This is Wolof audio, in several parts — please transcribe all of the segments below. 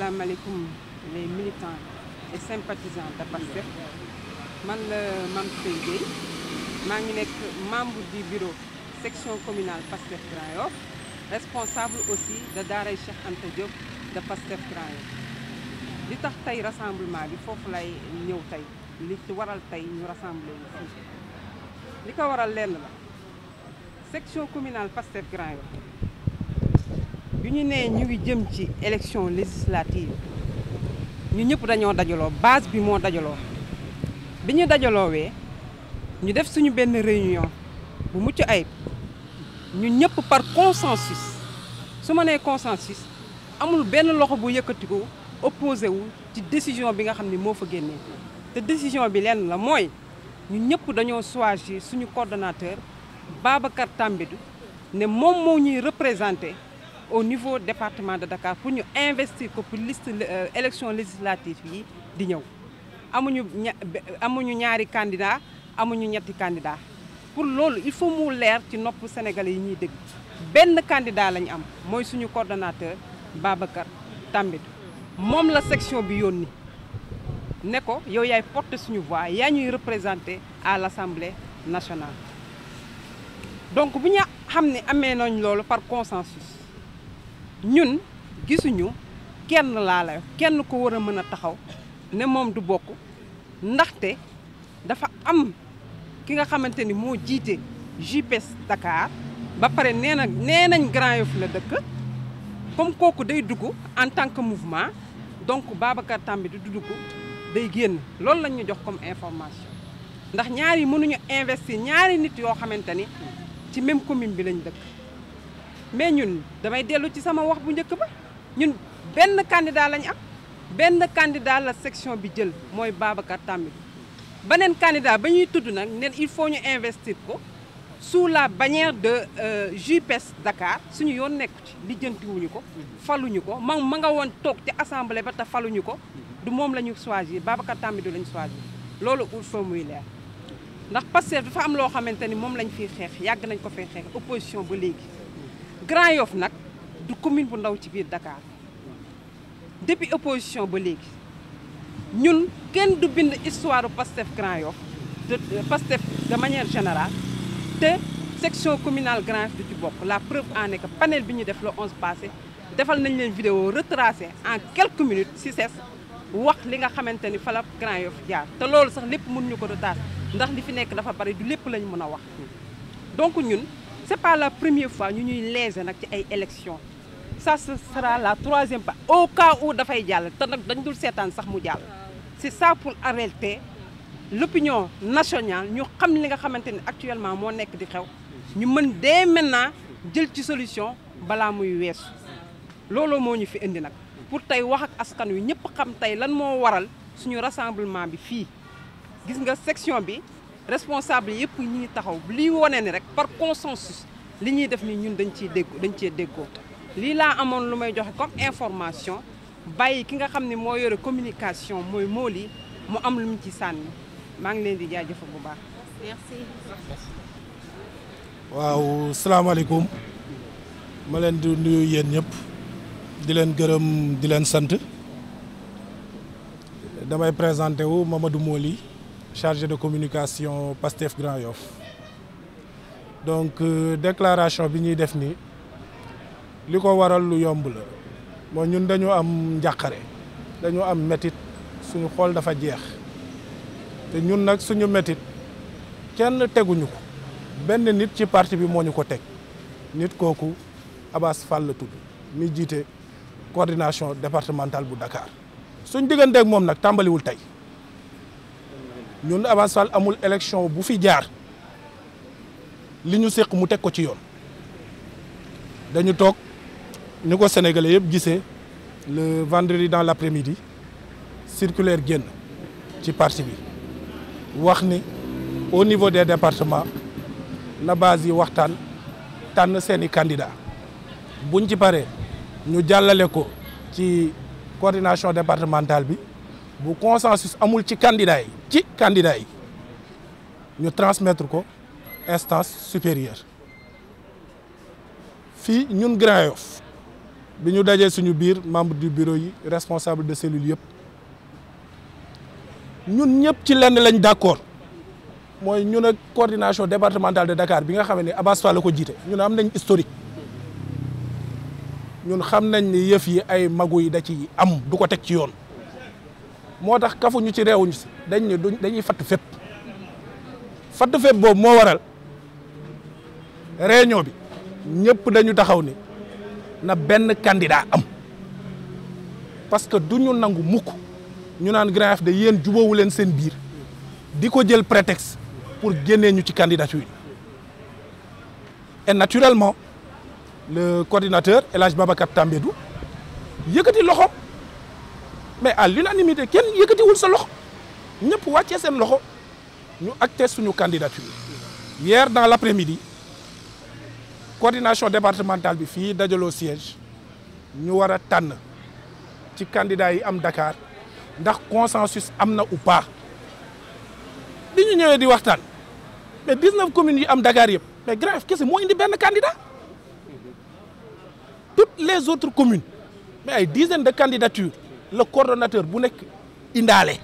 asalaamaaleykum les militants et sympathisants de Pastef man la Mame Faye Gueye maa ngi nekk membre di bureau section communale Pastef Grand Yoff responsable aussi de daaray Cheikh Anta Diop de Pastef Grand Yoff li tax tey rassemblement bi foofu lay ñëw tey li ci waral tey ñu rassemblé wu fii li ko waral lenn la section communal Pastef Grand Yoff bi ñu nee ñu ngi jëm ci élection législative ñu ñëpp dañoo dajaloo base bi moo dajaloo bi ñu dajaloowee ñu def suñu benn réunion bu mucc ayib ñu ñëpp par consensus su ma nee consensus amul benn loxo bu yëkkatiku opposé wu ci décision bi nga xam ni moo fa génnee te décision bi lenn la mooy ñu ñëpp dañoo choisir suñu coordonnateur Babacar tàmbitu ne moom moo ñuy représenté au niveau département de Dakar pour ñu investir ko pour liste euh, élection législative yi di ñëw amuñu amuñu ñaari candidat amuñu ñetti candidat pour loolu il faut mu leer ci nopp sénégalais yi ñuy dégg benn candidat lañu am mooy suñu coordonnateur Babacar Tambidou moom la section bi yónni ne ko yow yaay porter suñu voix yaa ñuy représenter à l'Assemblée nationale donc bu ñu xam ne amee nooñu loolu par consensus ñun gisuñu kenn laa la kenn ko war a mën a taxaw ne moom du bokk ndaxte dafa am ki nga xamante ni moo jiite JPS Dakar ba pare nee na nee nañ Grand Yoff la dëkk comme kooku day dugg en tant que mouvement donc Babacar Tambi du dugg day génn loolu lañ ñu jox comme information ndax ñaar mënuñu investir ñaari nit yoo xamante ni ci même commune bi lañ dëkk mais ñun damay dellu ci sama wax bu njëkk ba ñun benn candidat lañ am benn candidat la section bi jël mooy Babacar Tambidou beneen candidat ba ñuy tudd nag ne il faut ñu investir ko sous la bannière de euh, JPS e Dakar suñu yoon nekk ci lijjantiwuñu ko faluñu ko ma ma nga woon toog ci assemblée ba te faluñu ko du moom la ñu choisir Babacar Tambidou la ñu choisir loolu il faut muy leer ndax Pastef dafa am loo xamante ni moom lañ fiy xeex yàgg nañ ko fay xeex opposition ba léegi Grand Yoff nag du commune bu ndaw ci biir Dakar depuis opposition ba léegi ñun kenn du bind histoire Pastef Grand Yoff de Pastef de manière général te section communale Grand Yoff du ci bokk la preuve en est panel bi ñu def le 11 passé defal nañ leen vidéo retracé en quelques minutes si ses wax li nga xamante ni fala la Grand Yoff jaar te loolu sax lépp mënuñu ko retracé ndax li fi nekk dafa bari du lépp lañ mën a wax donc ñun c'est pas la première fois ñu ñuy léser nag ci ay élections ça ce la troisième fois au cas où dafay jàll te nag dañ dul seetaan sax mu jàll c'est ça pour arrêter l'opinion nationale ñu xam li nga xamante ni actuellement moo nekk di xew ñu mën dès maintenant jël ci solution balaa muy weesu looloo moo ñu fi indi nag pour tey wax ak askan wi ñëpp xam tey lan moo waral suñu rassemblement bi fii gis nga section bi responsable yëpp ñu ngi taxaw lii wone ni rek par consensus li ñuy def nii ñun dañ ciy dégg dañ cee déggoo lii laa amoon lu may joxe comme information bàyyi ki nga xam ni moo yore communication mooy mool mu am lu mu ci sànni maa ngi leen di jaajëfal bu baax. merci. waaw salaamaaleykum ma leen di nuyu yéen ñëpp di leen gërëm di leen sant damay présenté wu Mamadou Moli chargé de communication PASTEF Grand Yoff donc euh, déclaration bi ñuy def ni li ko waral lu yomb la moo ñun dañu am njàqare dañu am métit suñu xool dafa jeex te ñun nag suñu métit kenn teguñu ko benn nit ci parti bi moo ñu ko teg nit kooku Abass Fall la tudd mi jiite coordination départementale bu Dakar suñ digganteeg moom nag tàmbaliwul tey ñun Abass Fall amul élection bu fi jaar li ñu séq mu teg ko ci yoon dañu toog ni ko sénégalais yëpp gisee le vendredi dans l'après-midi circulaire génn ci parti bi wax ni au niveau des départements na base yi waxtaan tànn seeni candidat buñ ci paree ñu jàllale ko ci coordination départementale bi bu consensus amul ci candidat ci candidat ñu transmettre ko instance supérieure fii ñun Grand Yoff bi ñu dajee suñu biir membre du bureau yi responsable de cellule yëpp ñun ñëpp ci lenn lañ d'accord mooy ñun ak coordination départementale de Dakar bi nga xam ne Abass Fall la ko jiite ñun am nañ historique ñun xam nañ ni yëf yi ay magu yi da ci am du ko teg ci yoon moo tax kafuñu ci reewuñu si dañ ne dañuy fatt fépp fatt fépp boobu moo waral réunion bi ñëpp dañu taxaw ni na benn candidat am parce que du ñu nangu mukk ñu naan Grand Yoff de yéen jubóowu leen seen biir di ko jël prétexte pour génnee ñu ci candidature yi et naturellement le coordinateur El Hadj Babacar Tambédou yëkkati loxoom mais à l'unanimité kenn yëkkatiwul sa loxo ñëpp wàccee seen loxo ñu acté suñu candidature hier dans l'après-midi coordination départementale bi fii dajaloo siège ñu war a tànn ci candidats yi am dakaar ndax consensus am na ou pas bi ñu ñëwee di waxtaan mais 19 communes yi am Dakar yëpp mais grave kese moo indi benn candidat toutes les autres communes mais ay dizaines de candidatures le coordonnateur bu nekk indaale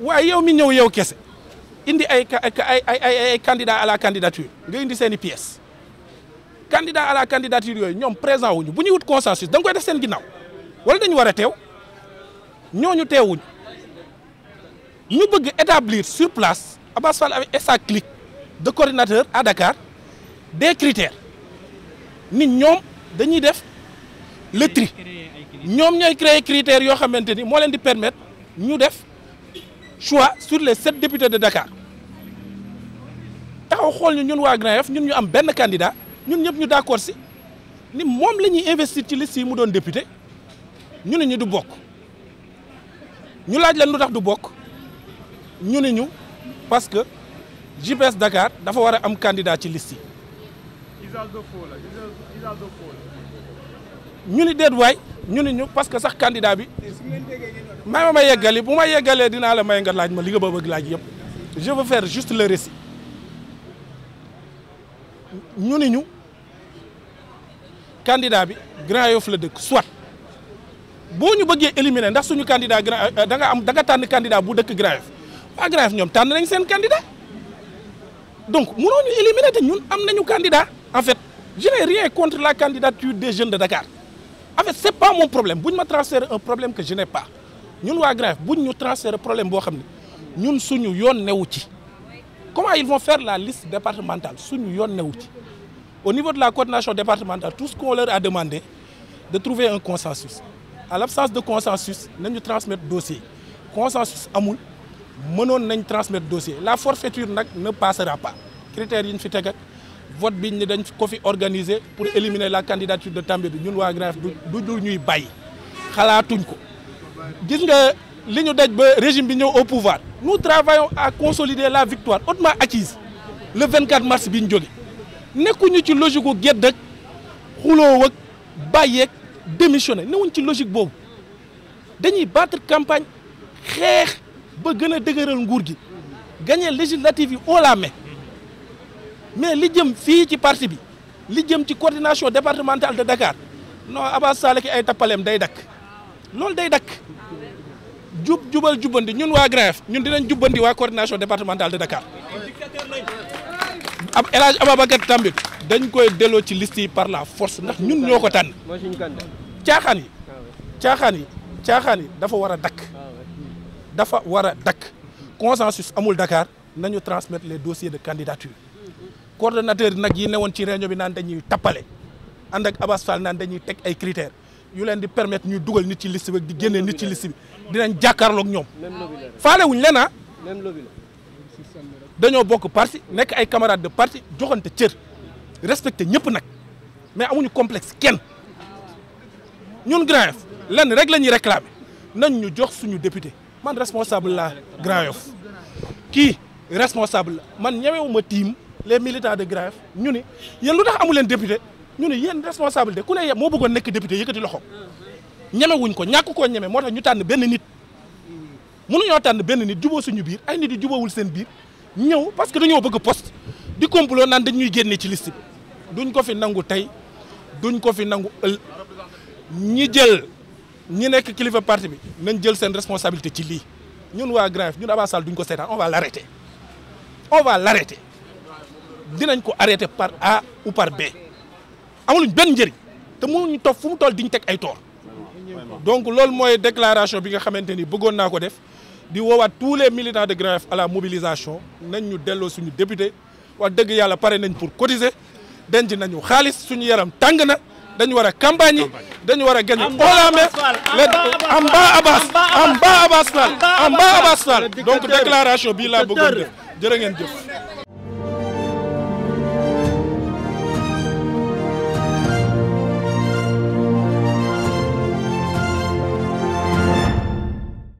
waaye yow mi ñëw yow kese indi ay ay ay ay candidat à la candidature nga indi seen i pièces candidat la candidature yooyu ñoom présent wuñu bu ñuy wut consensus da nga koy def seen ginnaaw wala dañu war a teew ñooñu teewuñu ñu bëgg établir sur place Abass Fall avec sa clique de coordinateur à Dakar des critères nit ñoom dañuy def. le tri ñoom ñooy créer critères yoo xamante ni moo leen di permettre ñu def choix sur les sept députés de Dakar taxaw xool ñu ñun waa Grand Yoff ñun ñu am benn candidat ñun ñëpp ñu d'accord si ni moom la ñuy investir ci liste yi mu doon député ñu ne ñu du bokk ñu laaj leen lu tax du bokk ñu ne ñu parce que JPS Dakar dafa war a am candidat ci liste yi. ñu ni déet ñu ni ñu parce que sax candidat bi may ma ma yeggali bu ma yeggalee dinaa la may nga laaj ma li nga bëgg laaj yëpp je veux faire juste le récit ñu ni ñu candidat bi Grand Yoff la dëkk soit boo ñu bëggee éliminer ndax suñu candidat grand euh, da nga am da nga tànn candidat bu dëkk Grand Yoff waa Grand Yoff ñoom tànn nañ seen candidat donc mënoo ñu éliminer te ñun am nañu candidat en fait je n'ai rien contre la candidature des jeune de Dakar en fait c'est pas mon problème bu ñu ma transférer un problème que je n'ai pas ñun waa grève bu ñu transférer problème boo xam ne ñun suñu yoon newu ci comment ils vont faire la liste départementale suñu yoon newu ci au niveau de la coordination départementale tout ce qu'on leur a demandé de trouver un consensus à l'absence de consensus nañu transmettre dossier consensus amul noon nañ transmettre dossier la forfaiture nag ne passera pas critères yi ñu fi teg vote biñ ne dañ ko fi organiser pour éliminer la candidature de Tambédou ñun waa Grand Yoff du du ñuy bàyyi xalaatuñ ko gis nga li ñu daj ba régime bi ñëw au pouvoir nous travaillons à consolider la victoire hautement acquise le 24 mars bi ñu jóge nekkuñu ci logique gu gedd ak xuloo ak bàyyeeg démissionné newuñ ci logique boobu dañuy battre campagne xeex ba gën a dëgëral nguur gi gagner législative yi haut la main mais li jëm fii ci parti bi li jëm ci coordination départementale de Dakar non Abass Sall ki ay tappaleem day dakk loolu day dakk jub jubal jubbandi ñun waa GRAF ñun dinañ jubbandi waa coordination départementale de Dakar ab El Hadj Ababacar Tambit dañ koy delloo ci liste yi par la force ndax ñun ñoo ko tànn caaxaan yi caaxaan yi caaxaan yi dafa war a dakk dafa war a dakk consensus amul Dakar nañu transmettre les dossiers de candidature coordonnateur nag yi ne newoon ci réunion bi naan dañuy tappale ànd ak Abass Fall naan dañuy teg ay critères yu leen di permettre ñu dugal nit ci liste bi di génne nit ci liste bi dinañ jàkkaarloog ñoom. faale wuñ leen ah. dañoo bokk parti nekk ay camarades de parti joxante cër respecté ñëpp nag mais amuñu complexe kenn ñun Grand Yoff lenn rek la ñuy réclamer nañ ñu jox suñu député man responsable la Grand Yoff kii responsable la man ñemewu ma tiim. les militants de grève ñu ni yéen lu amu leen député ñu ni yéen responsabilité ku ne yem moo bëggoon nekk député yëkkati loxo ñeme wuñ ko ñàkk koo ñeme moo tax ñu tànn benn nit mënuñoo tànn benn nit juboo suñu biir ay nit yu juboowul seen biir ñëw parce que dañoo bëgg poste di complot naan dañuy génne ci liste bi duñ ko fi nangu tey duñ ko fi nangu ël ñi jël ñi nekk kilifa parti bi nañ jël seen responsabilité ci lii ñun waa grève ñun Abass Sall duñ ko seetaan on va l'arrêter on va dinañ ko arrêté par A ou par B amaluñ benn njëriñ te ñu toog fu mu toll diñ teg ay toor donc loolu mooy déclaration bi nga xamante ni bëggoon naa ko def di woowaat tous les militants de Grand Yoff à la mobilisation nañ ñu delloo suñu député wax dëgg yàlla pare nañ pour cotiser denc nañu xaalis suñu yaram tàng na dañu war a campagne dañu war a gagné xoolaame Amba Abass Amba Abass Fall Amba Abass Fall donc déclaration bii laa bëggoon def jërë ngeen jëf